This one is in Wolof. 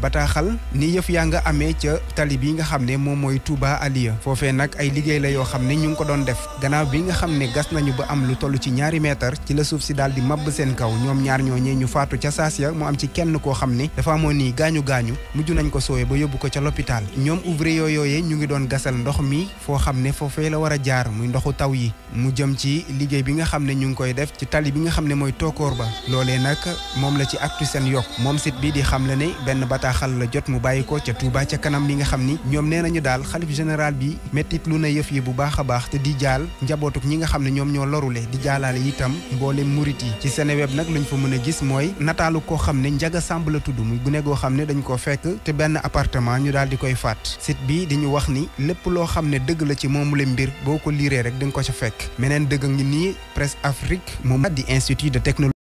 bataaxal ni yëf yaa nga amee ca tali bi nga xam ne moom mooy Touba Aliya foofee nag ay liggéey la yoo xam ne ñu ngi ko doon def gannaaw bi nga xam ne gas nañu ba am lu toll ci ñaari meetar ci la suuf si daal di mabb seen kaw ñoom ñaar ñooñee ñu faatu ca saas ya mu am ci kenn koo xam ne dafa amoon nii gaañu gaañu mujj nañ ko soowe ba yóbbu ko ca loppitaan ñoom ouvrier yooyee ñu ngi doon gasal ndox mi foo xam ne foofee la war a jaar muy ndoxu taw yi mu jëm ci liggéey bi nga xam ne ñu ngi koy def ci tali bi nga xam ne mooy tookoor ba loolee nag moom la ci Actu Sen yokk moom bataaxal la jot mu bàyyi ko ca Touba ca kanam mi nga xam ni ñoom nee nañu daal xalif général bi méttit lu na yëf yi bu baax a baax te di jaal njabootuk ñi nga xam ne ñoom ñoo lorule di jaalaale itam mboolem murit yi ci Seneweb nag luñ fa mën a gis mooy nataalu koo xam ne Njaga Sàmb la tudd muy gune goo xam ne dañ koo fekk te benn appartement ñu daal di koy faat site bi di ñu wax ni lépp loo xam ne dëgg la ci moomu la mbir boo ko liiree rek di ko ca fekk meneen dëgg ngi nii Presse Afrique moom di institut